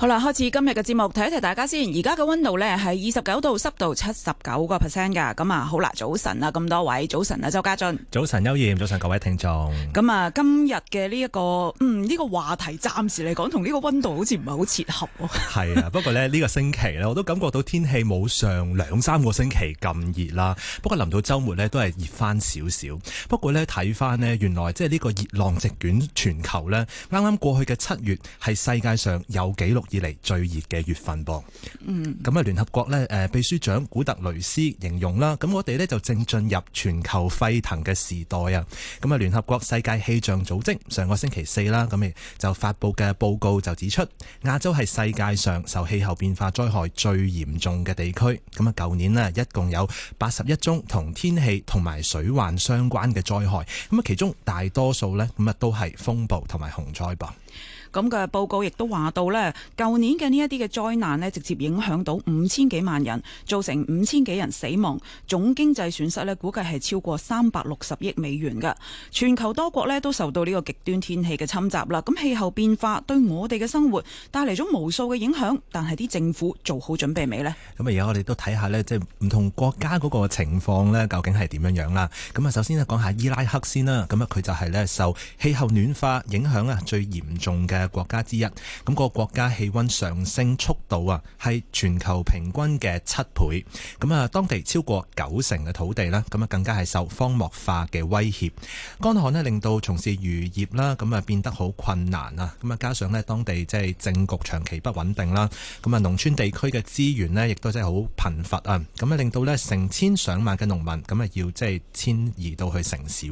好啦，開始今日嘅節目，提一提大家先。而家嘅溫度呢，係二十九度，濕度七十九個 percent 噶。咁啊，好啦，早晨啊，咁多位早晨啊，周家俊，早晨，優艷，早晨各位聽眾。咁啊，今日嘅呢一個，嗯，呢個話題暫時嚟講，同呢個溫度好似唔係好切合喎。係啊，不過呢呢個星期呢，我都感覺到天氣冇上兩三個星期咁熱啦。不過臨到周末呢，都係熱翻少少。不過呢，睇翻呢，原來即係呢個熱浪席捲全球呢，啱啱過去嘅七月係世界上有紀錄。以來最熱嘅月份噃，嗯，咁啊，聯合國咧，誒，秘書長古特雷斯形容啦，咁我哋咧就正進入全球沸騰嘅時代啊，咁啊，聯合國世界氣象組織上個星期四啦，咁咪就發佈嘅報告就指出，亞洲係世界上受氣候變化災害最嚴重嘅地區，咁啊，舊年呢，一共有八十一宗同天氣同埋水患相關嘅災害，咁啊，其中大多數咧，咁啊，都係風暴同埋洪災噃。咁嘅報告亦都話到呢，舊年嘅呢一啲嘅災難呢，直接影響到五千幾萬人，造成五千幾人死亡，總經濟損失呢，估計係超過三百六十億美元㗎。全球多國呢，都受到呢個極端天氣嘅侵襲啦。咁氣候變化對我哋嘅生活帶嚟咗無數嘅影響，但係啲政府做好準備未呢？咁啊，而家我哋都睇下呢，即係唔同國家嗰個情況呢，究竟係點樣樣啦？咁啊，首先呢講下伊拉克先啦。咁啊，佢就係呢，受氣候暖化影響啊最嚴重嘅。嘅國家之一，咁個國家氣温上升速度啊，係全球平均嘅七倍。咁啊，當地超過九成嘅土地咧，咁啊更加係受荒漠化嘅威脅。乾旱咧，令到從事漁業啦，咁啊變得好困難啊。咁啊，加上咧當地即係政局長期不穩定啦，咁啊農村地區嘅資源呢，亦都真係好貧乏啊。咁啊，令到咧成千上萬嘅農民，咁啊要即係遷移到去城市。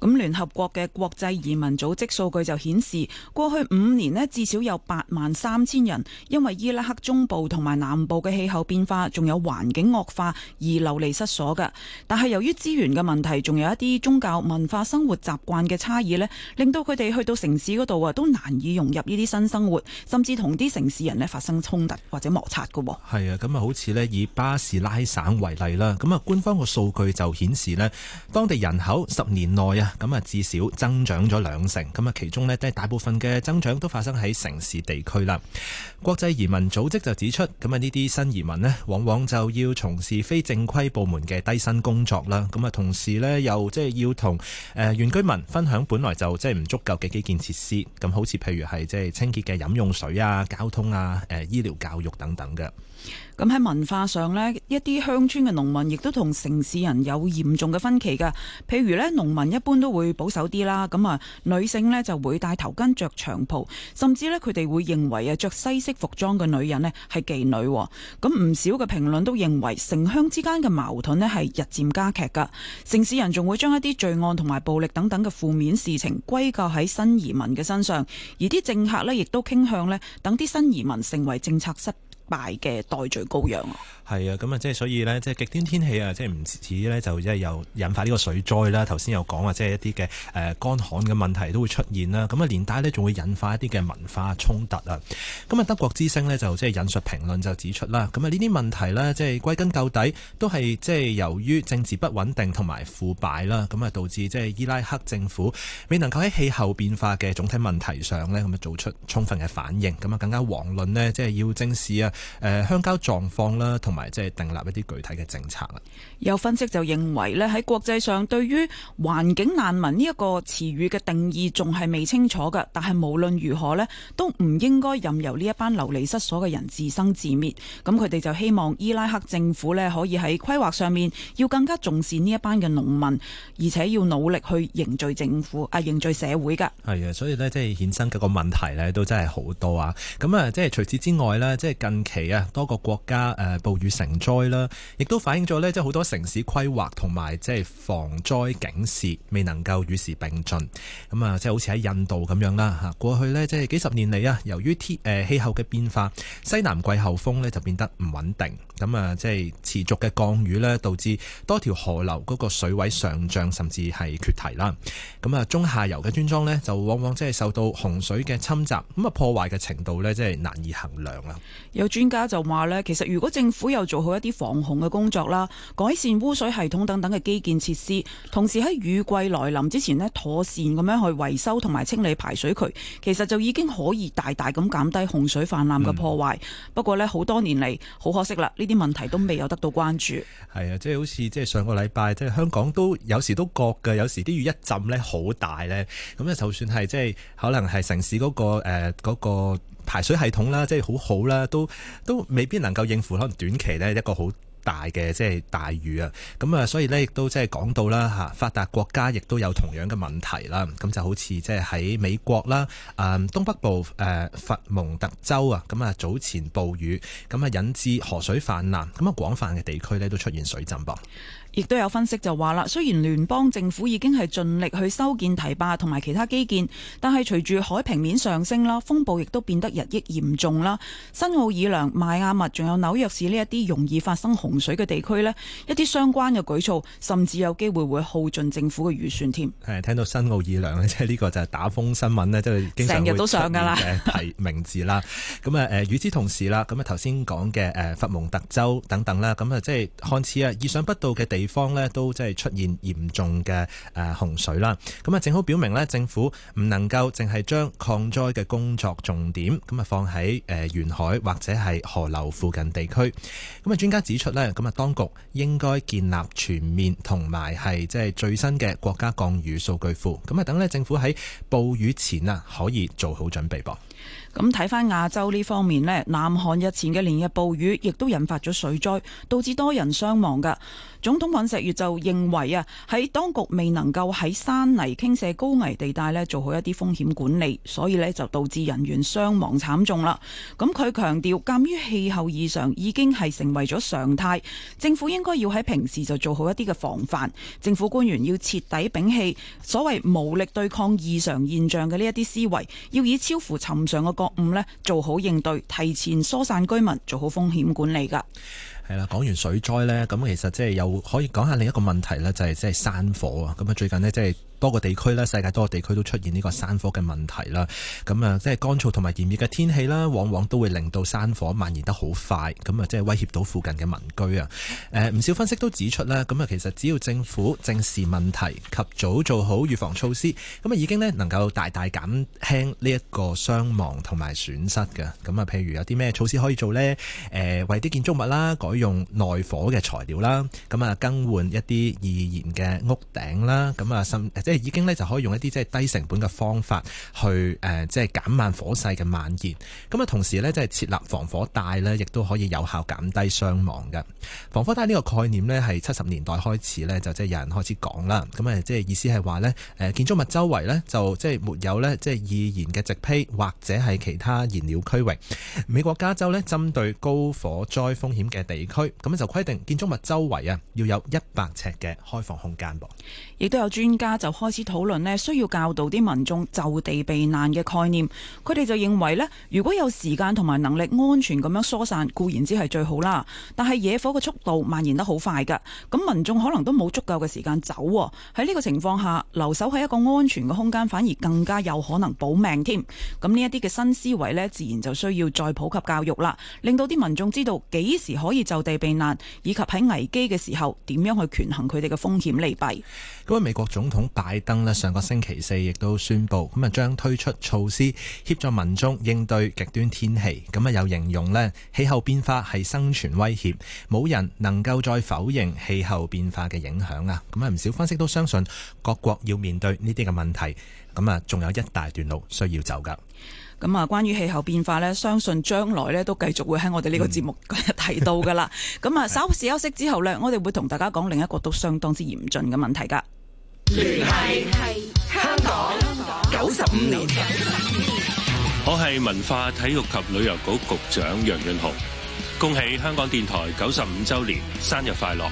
咁聯合國嘅國際移民組織數據就顯示，過去五年咧，至少有八萬三千人因為伊拉克中部同埋南部嘅氣候變化，仲有環境惡化而流離失所噶，但係由於資源嘅問題仲有一啲宗教、文化、生活習慣嘅差異咧，令到佢哋去到城市嗰度啊，都難以融入呢啲新生活，甚至同啲城市人咧發生衝突或者摩擦嘅。係啊，咁啊，好似咧以巴士拉省為例啦，咁啊，官方嘅數據就顯示咧，當地人口十年內啊～咁啊，至少增長咗兩成，咁啊，其中呢，都係大部分嘅增長都發生喺城市地區啦。國際移民組織就指出，咁啊呢啲新移民呢，往往就要從事非正規部門嘅低薪工作啦。咁啊，同時呢，又即係要同誒原居民分享本來就即係唔足夠嘅基建設施，咁好似譬如係即係清潔嘅飲用水啊、交通啊、誒醫療教育等等嘅。咁喺文化上呢，一啲鄉村嘅農民亦都同城市人有嚴重嘅分歧噶。譬如呢，農民一般都會保守啲啦，咁啊，女性呢就會戴頭巾、着長袍，甚至呢，佢哋會認為啊，着西式服裝嘅女人呢係妓女。咁唔少嘅評論都認為，城鄉之間嘅矛盾呢係日漸加劇噶。城市人仲會將一啲罪案同埋暴力等等嘅負面事情歸咎喺新移民嘅身上，而啲政客呢亦都傾向呢，等啲新移民成為政策失敗嘅代罪羔羊係啊，咁啊，即係所以呢，即係極端天氣啊，即係唔止呢，就即係又引發呢個水災啦。頭先有講話，即係一啲嘅，誒乾旱嘅問題都會出現啦。咁啊，連帶呢，仲會引發一啲嘅文化衝突啊。咁啊，德國之聲呢，就即係引述評論就指出啦。咁啊，呢啲問題呢，即係歸根究底都係即係由於政治不穩定同埋腐敗啦。咁啊，導致即係伊拉克政府未能夠喺氣候變化嘅總體問題上呢，咁啊做出充分嘅反應。咁啊，更加遑論呢，即係要正視啊。誒，鄉郊、呃、狀況啦，同埋即係訂立一啲具體嘅政策啊。有分析就認為呢，喺國際上對於環境難民呢一個詞語嘅定義仲係未清楚嘅，但係無論如何呢都唔應該任由呢一班流離失所嘅人自生自滅。咁佢哋就希望伊拉克政府呢可以喺規劃上面要更加重視呢一班嘅農民，而且要努力去凝聚政府啊，凝聚社會噶。係啊，所以呢，即係衍生嘅個問題呢都真係好多啊。咁啊，即係除此之外呢，即、就、係、是、近。其啊，多個國家誒暴雨成災啦，亦都反映咗咧，即係好多城市規劃同埋即係防災警示未能夠與時並進，咁啊，即係好似喺印度咁樣啦吓。過去咧，即係幾十年嚟啊，由於天誒氣候嘅變化，西南季候風咧就變得唔穩定。咁啊，即係持續嘅降雨咧，導致多條河流嗰個水位上漲，甚至係缺堤啦。咁啊，中下游嘅村莊咧，就往往即係受到洪水嘅侵襲，咁啊破壞嘅程度咧，即係難以衡量啦。專家就話咧，其實如果政府又做好一啲防洪嘅工作啦，改善污水系統等等嘅基建設施，同時喺雨季來臨之前呢，妥善咁樣去維修同埋清理排水渠，其實就已經可以大大咁減低洪水泛濫嘅破壞。嗯、不過呢，好多年嚟好可惜啦，呢啲問題都未有得到關注。係啊，即係好似即係上個禮拜，即係香港都有時都覺㗎，有時啲雨一浸呢，好大呢。咁就算係即係可能係城市嗰個嗰個，呃嗰個排水系統啦，即係好好啦，都都未必能夠應付可能短期咧一個好大嘅即係大雨啊。咁啊，所以咧亦都即係講到啦嚇，發達國家亦都有同樣嘅問題啦。咁就好似即係喺美國啦，啊東北部誒佛蒙特州啊，咁啊早前暴雨，咁啊引致河水泛濫，咁啊廣泛嘅地區咧都出現水浸噃。亦都有分析就話啦，雖然聯邦政府已經係盡力去修建堤壩同埋其他基建，但係隨住海平面上升啦，風暴亦都變得日益嚴重啦。新奧爾良、邁阿密仲有紐約市呢一啲容易發生洪水嘅地區呢，一啲相關嘅舉措甚至有機會會耗盡政府嘅預算添。係聽到新奧爾良，呢，即係呢個就係打風新聞呢，即係經常出現嘅題名字啦。咁啊誒，與 之同時啦，咁啊頭先講嘅誒佛蒙特州等等啦，咁啊即係看似啊意想不到嘅地地方咧，都即係出現嚴重嘅誒洪水啦，咁啊正好表明咧，政府唔能夠淨係將抗災嘅工作重點咁啊放喺誒沿海或者係河流附近地區，咁啊專家指出咧，咁啊當局應該建立全面同埋係即係最新嘅國家降雨數據庫，咁啊等咧，政府喺暴雨前啊可以做好準備噃。咁睇翻亞洲呢方面，呢南韓日前嘅連日暴雨亦都引發咗水災，導致多人傷亡㗎。總統尹錫悅就認為啊，喺當局未能夠喺山泥傾瀉高危地帶呢做好一啲風險管理，所以呢就導致人員傷亡慘重啦。咁佢強調，鑑於氣候異常已經係成為咗常態，政府應該要喺平時就做好一啲嘅防範。政府官員要徹底摒棄所謂無力對抗異常現象嘅呢一啲思維，要以超乎尋常嘅五咧，做好應對，提前疏散居民，做好風險管理㗎。係啦，講完水災咧，咁其實即係又可以講下另一個問題咧，就係即係山火啊。咁啊，最近呢、就是，即係。多個地區啦，世界多個地區都出現呢個山火嘅問題啦。咁啊，即係乾燥同埋炎熱嘅天氣啦，往往都會令到山火蔓延得好快。咁啊，即係威脅到附近嘅民居啊。誒，唔少分析都指出啦，咁啊，其實只要政府正視問題，及早做好預防措施，咁啊，已經呢能夠大大減輕呢一個傷亡同埋損失嘅。咁啊，譬如有啲咩措施可以做呢？誒、呃，為啲建築物啦，改用耐火嘅材料啦。咁啊，更換一啲易燃嘅屋頂啦。咁啊，即係已經咧就可以用一啲即係低成本嘅方法去誒，即係減慢火勢嘅蔓延。咁啊，同時咧即係設立防火帶咧，亦都可以有效減低傷亡嘅。防火帶呢個概念咧係七十年代開始咧就即係有人開始講啦。咁啊，即係意思係話咧誒，建築物周圍咧就即係沒有咧即係易燃嘅植被或者係其他燃料區域。美國加州咧針對高火災風險嘅地區，咁咧就規定建築物周圍啊要有一百尺嘅開放空間噃。亦都有專家就開始討論咧，需要教導啲民眾就地避難嘅概念。佢哋就認為咧，如果有時間同埋能力，安全咁樣疏散，固然之係最好啦。但係野火嘅速度蔓延得好快㗎，咁民眾可能都冇足夠嘅時間走。喺呢個情況下，留守喺一個安全嘅空間，反而更加有可能保命添。咁呢一啲嘅新思維咧，自然就需要再普及教育啦，令到啲民眾知道幾時可以就地避難，以及喺危機嘅時候點樣去權衡佢哋嘅風險利弊。嗰位，美國總統拜登咧上個星期四亦都宣布，咁啊將推出措施協助民眾應對極端天氣。咁啊又形容咧氣候變化係生存威脅，冇人能夠再否認氣候變化嘅影響啊！咁啊唔少分析都相信各國要面對呢啲嘅問題，咁啊仲有一大段路需要走噶。咁啊關於氣候變化咧，相信將來咧都繼續會喺我哋呢個節目提到噶啦。咁啊 稍事休息之後咧，我哋會同大家講另一個都相當之嚴峻嘅問題噶。聯繫香港九十五年，我係文化體育及旅遊局局長楊潤雄，恭喜香港電台九十五周年生日快樂！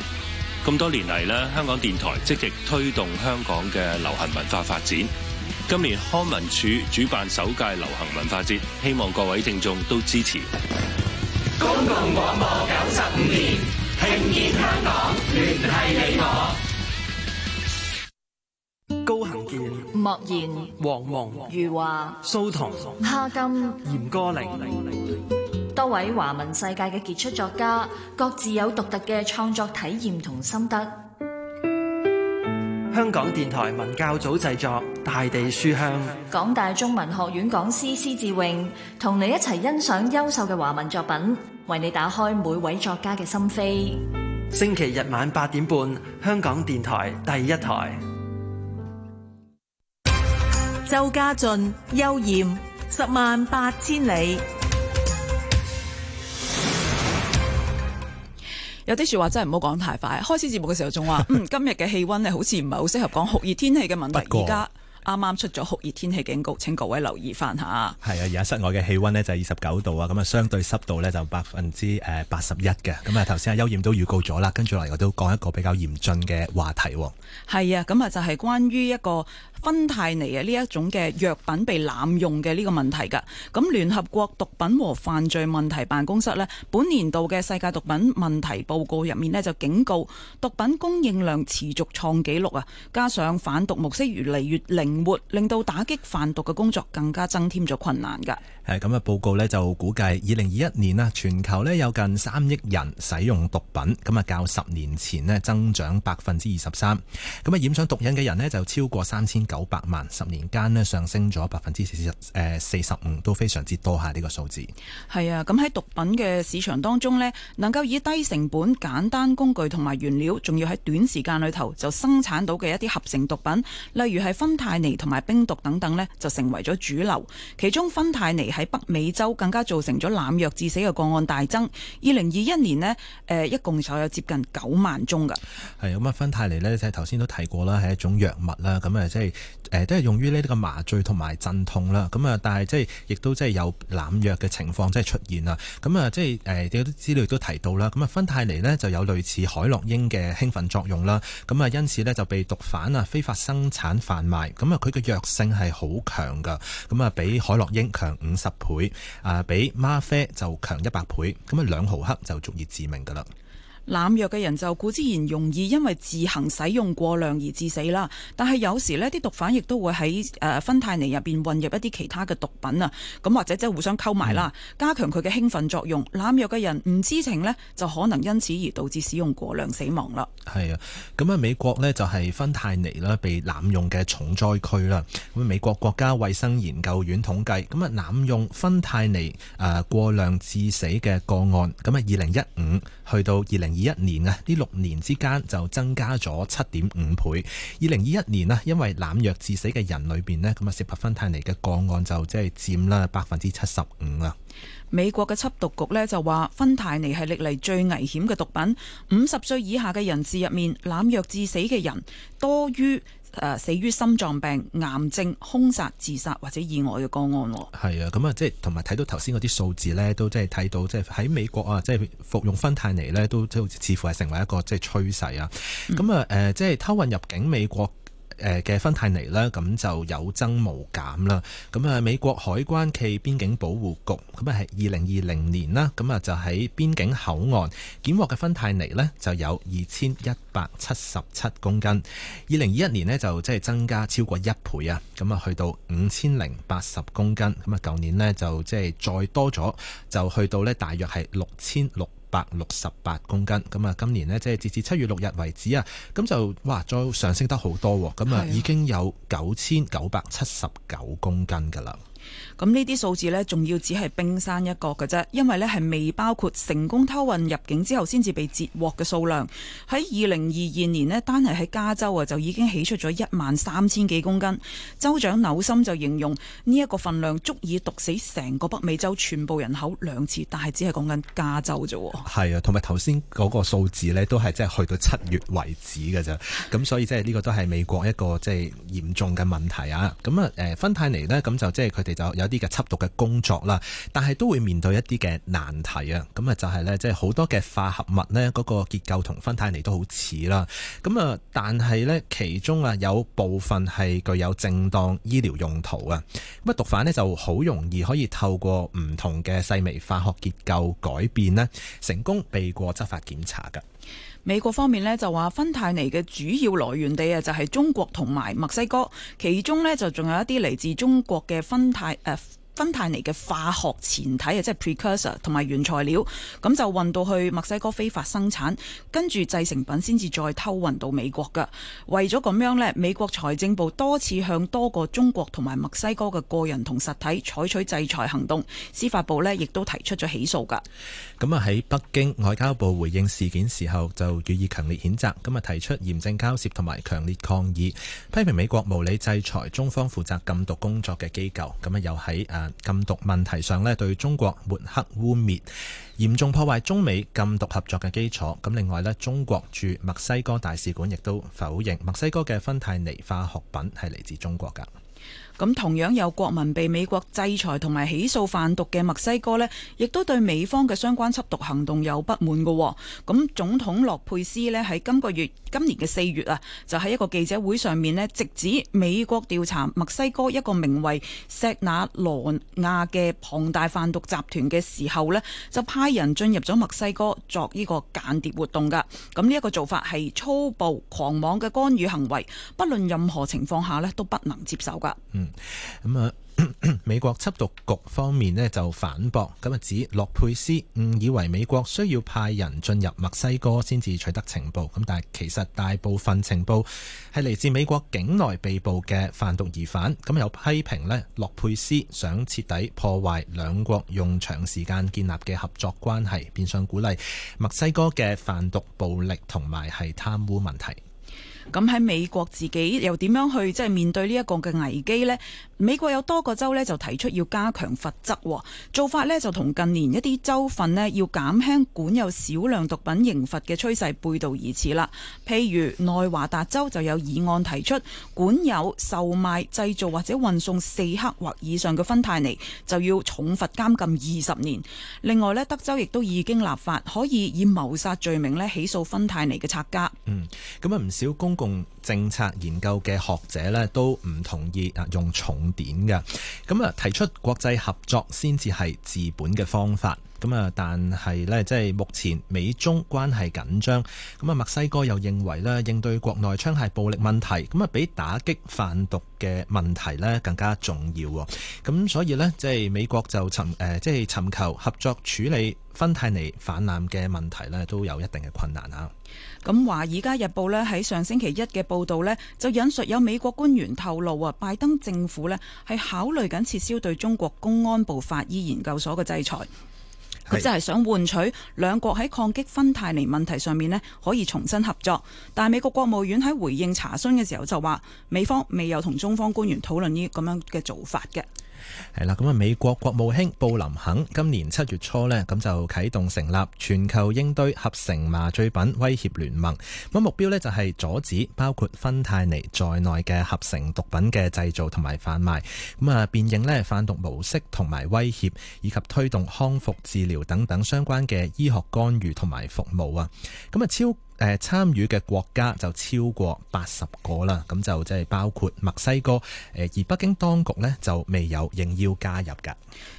咁多年嚟咧，香港電台積極推動香港嘅流行文化發展。今年康文署主辦首屆流行文化節，希望各位聽眾都支持。公共廣播九十五年，慶建香港。莫言、王蒙、余華、蘇童、哈金、嚴歌苓，王王王多位華文世界嘅傑出作家，各自有獨特嘅創作體驗同心得。香港電台文教組製作《大地書香》，港大中文學院講師施志榮同你一齊欣賞優秀嘅華文作品，為你打開每位作家嘅心扉。星期日晚八點半，香港電台第一台。周家俊、邱艷，十萬八千里。有啲說話真係唔好講太快。開始節目嘅時候仲話， 嗯，今日嘅氣溫呢，好似唔係好適合講酷熱天氣嘅問題。而家。啱啱出咗酷熱天氣警告，請各位留意翻下。係啊，而家室外嘅氣溫呢就係二十九度啊，咁啊相對濕度呢就百分之誒八十一嘅。咁啊頭先阿邱艷都預告咗啦，跟住嚟我都講一個比較嚴峻嘅話題。係啊，咁啊就係關於一個芬太尼啊呢一種嘅藥品被濫用嘅呢個問題噶。咁聯合國毒品和犯罪問題辦公室呢，本年度嘅世界毒品問題報告入面呢，就警告，毒品供應量持續創紀錄啊，加上販毒模式越嚟越靈。活令到打擊販毒嘅工作更加增添咗困難嘅。咁嘅報告呢，就估計二零二一年啦，全球呢有近三億人使用毒品，咁啊，較十年前呢增長百分之二十三。咁啊，染上毒癮嘅人呢就超過三千九百萬，十年間呢上升咗百分之四十，誒，四十五都非常之多下，呢個數字。係啊，咁喺毒品嘅市場當中呢，能夠以低成本、簡單工具同埋原料，仲要喺短時間裏頭就生產到嘅一啲合成毒品，例如係芬太同埋冰毒等等呢，就成為咗主流。其中芬太尼喺北美洲更加造成咗濫藥致死嘅個案大增。二零二一年呢，誒、呃，一共就有接近九萬宗噶。係咁啊，芬太尼呢，即係頭先都提過啦，係一種藥物啦。咁啊、就是，即係誒，都係用於呢啲嘅麻醉同埋鎮痛啦。咁啊，但係即係亦都即係有濫藥嘅情況即係出現啦。咁啊、就是，即係誒，有啲資料都提到啦。咁啊，芬太尼呢，就有類似海洛因嘅興奮作用啦。咁啊，因此呢，就被毒販啊非法生產販賣咁。因為佢嘅藥性係好強㗎，咁啊，比海洛因強五十倍，啊，比嗎啡就強一百倍，咁啊，兩毫克就足以致命㗎喇。濫藥嘅人就固之然容易，因為自行使用過量而致死啦。但係有時呢啲毒販亦都會喺誒芬太尼入邊混入一啲其他嘅毒品啊。咁或者即係互相溝埋啦，加強佢嘅興奮作用。濫藥嘅人唔知情呢，就可能因此而導致使用過量死亡啦。係啊，咁啊，美國呢，就係芬太尼啦，被濫用嘅重災區啦。咁美國國家衛生研究院統計咁啊，濫用芬太尼誒過量致死嘅個案咁啊，二零一五。去到二零二一年啊，呢六年之間就增加咗七點五倍。二零二一年啊，因為濫藥致死嘅人裏面呢，咁啊，涉及芬太尼嘅個案就即係佔啦百分之七十五啦。美國嘅緝毒局呢，就話，芬太尼係歷嚟最危險嘅毒品。五十歲以下嘅人士入面，濫藥致死嘅人多於，誒死於心臟病、癌症、兇殺、自殺或者意外嘅個案，係啊，咁啊，即係同埋睇到頭先嗰啲數字咧，都即係睇到即係喺美國啊，即係服用芬太尼咧，都即係似乎係成為一個即係趨勢啊，咁啊誒，即係、嗯、偷運入境美國。誒嘅芬太尼呢，咁就有增無減啦。咁啊，美國海關暨邊境保護局咁啊，係二零二零年啦，咁啊就喺邊境口岸檢獲嘅芬太尼呢，就有二千一百七十七公斤。二零二一年呢，就即係增加超過一倍啊，咁啊去到五千零八十公斤。咁啊，舊年呢，就即係再多咗，就去到呢，大約係六千六百六十八公斤，咁啊，今年呢，即係截至七月六日為止啊，咁就哇再上升得好多，咁啊已經有九千九百七十九公斤㗎啦。咁呢啲數字呢，仲要只係冰山一角嘅啫，因為呢係未包括成功偷運入境之後先至被截獲嘅數量。喺二零二二年呢單係喺加州啊，就已經起出咗一萬三千幾公斤。州長紐森就形容呢一個份量足以毒死成個北美洲全部人口兩次，但係只係講緊加州啫。係啊，同埋頭先嗰個數字呢，都係即係去到七月為止嘅啫。咁所以即係呢個都係美國一個即係嚴重嘅問題啊。咁啊誒，芬太尼呢，咁就即係佢哋就有。一啲嘅緝毒嘅工作啦，但係都會面對一啲嘅難題啊。咁啊，就係咧，即係好多嘅化合物咧，嗰個結構同芬太尼都好似啦。咁啊，但係咧，其中啊有部分係具有正當醫療用途啊。咁啊，毒販咧就好容易可以透過唔同嘅細微化學結構改變咧，成功避過執法檢查噶。美國方面咧就話芬太尼嘅主要來源地啊就係中國同埋墨西哥，其中咧，就仲有一啲嚟自中國嘅芬太誒。芬太尼嘅化學前體啊，即係 precursor 同埋原材料，咁就運到去墨西哥非法生產，跟住製成品先至再偷運到美國噶為咗咁樣咧，美國財政部多次向多個中國同埋墨西哥嘅個人同實體採取制裁行動，司法部咧亦都提出咗起訴噶咁啊喺北京外交部回應事件時候就予以強烈譴責，咁啊提出嚴正交涉同埋強烈抗議，批評美國無理制裁中方負責禁毒工作嘅機構。咁啊又喺啊～禁毒問題上咧，對中國抹黑污蔑，嚴重破壞中美禁毒合作嘅基礎。咁另外咧，中國駐墨西哥大使館亦都否認墨西哥嘅芬太尼化學品係嚟自中國㗎。咁同樣有國民被美國制裁同埋起訴販毒嘅墨西哥呢，亦都對美方嘅相關緝毒行動有不滿嘅、哦。咁總統洛佩斯呢，喺今個月、今年嘅四月啊，就喺一個記者會上面呢，直指美國調查墨西哥一個名為錫那羅亞嘅龐大販毒集團嘅時候呢，就派人進入咗墨西哥作呢個間諜活動㗎。咁呢一個做法係粗暴、狂妄嘅干預行為，不論任何情況下呢，都不能接受㗎。咁啊、嗯嗯，美國緝毒局方面呢就反駁，咁啊指洛佩斯誤以為美國需要派人進入墨西哥先至取得情報，咁但係其實大部分情報係嚟自美國境內被捕嘅販毒疑犯，咁有批評呢洛佩斯想徹底破壞兩國用長時間建立嘅合作關係，變相鼓勵墨西哥嘅販毒暴力同埋係貪污問題。咁喺美國自己又點樣去即係面對呢一個嘅危機呢？美國有多個州呢，就提出要加強罰則，做法呢，就同近年一啲州份呢，要減輕管有少量毒品刑罰嘅趨勢背道而馳啦。譬如內華達州就有議案提出，管有售賣、製造或者運送四克或以上嘅芬太尼就要重罰監禁二十年。另外呢，德州亦都已經立法，可以以謀殺罪名呢起訴芬太尼嘅拆家。嗯，咁啊唔少公公共政策研究嘅學者咧都唔同意啊，用重典嘅，咁啊提出國際合作先至係治本嘅方法，咁啊但係咧即係目前美中關係緊張，咁啊墨西哥又認為咧應對國內槍械暴力問題，咁啊比打擊販毒嘅問題咧更加重要，咁所以呢即係美國就尋誒即係尋求合作處理芬太尼泛濫嘅問題咧都有一定嘅困難啊。咁《華爾街日報》呢喺上星期一嘅報道呢就引述有美國官員透露啊，拜登政府呢係考慮緊撤銷對中國公安部法醫研究所嘅制裁，佢就係想換取兩國喺抗擊芬太尼問題上面呢可以重新合作。但美國國務院喺回應查詢嘅時候就話，美方未有同中方官員討論呢咁樣嘅做法嘅。係啦，咁啊，美國國務卿布林肯今年七月初呢，咁就啟動成立全球應對合成麻醉品威脅聯盟，咁目標呢，就係阻止包括芬太尼在內嘅合成毒品嘅製造同埋販賣，咁啊，辨認呢販毒模式同埋威脅，以及推動康復治療等等相關嘅醫學干預同埋服務啊，咁啊超。誒參與嘅國家就超過八十個啦，咁就即係包括墨西哥，而北京當局呢就未有應邀加入㗎。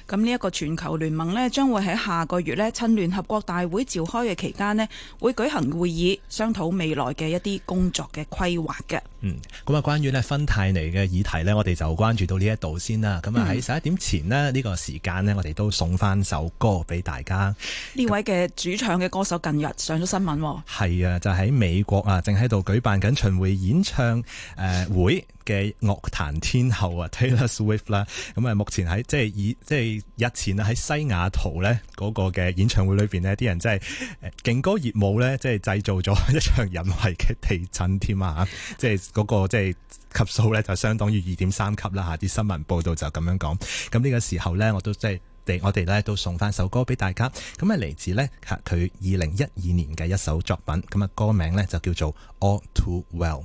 咁呢一個全球聯盟呢，將會喺下個月呢趁聯合國大會召開嘅期間呢，會舉行會議，商討未來嘅一啲工作嘅規劃嘅。嗯，咁啊，關於呢芬太尼嘅議題呢，我哋就關注到呢一度先啦。咁啊，喺十一點前呢，呢、嗯、個時間呢，我哋都送翻首歌俾大家。呢位嘅主唱嘅歌手近日上咗新聞、哦。係、嗯、啊，就喺、是、美國啊，正喺度舉辦緊巡迴演唱誒、呃、會嘅樂壇天后啊，Taylor Swift 啦，咁啊，目前喺即係以即係、就是、日前啊，喺西雅圖咧嗰個嘅演唱會裏邊呢，啲人真係勁歌熱舞咧，即係、就是、製造咗一場人為嘅地震添啊！即係嗰個即係、就是、級數咧，就相當於二點三級啦嚇！啲新聞報道就咁樣講。咁呢個時候咧，我都即係我哋咧都送翻首歌俾大家。咁啊，嚟自呢佢二零一二年嘅一首作品。咁啊，歌名呢，就叫做 All Too Well。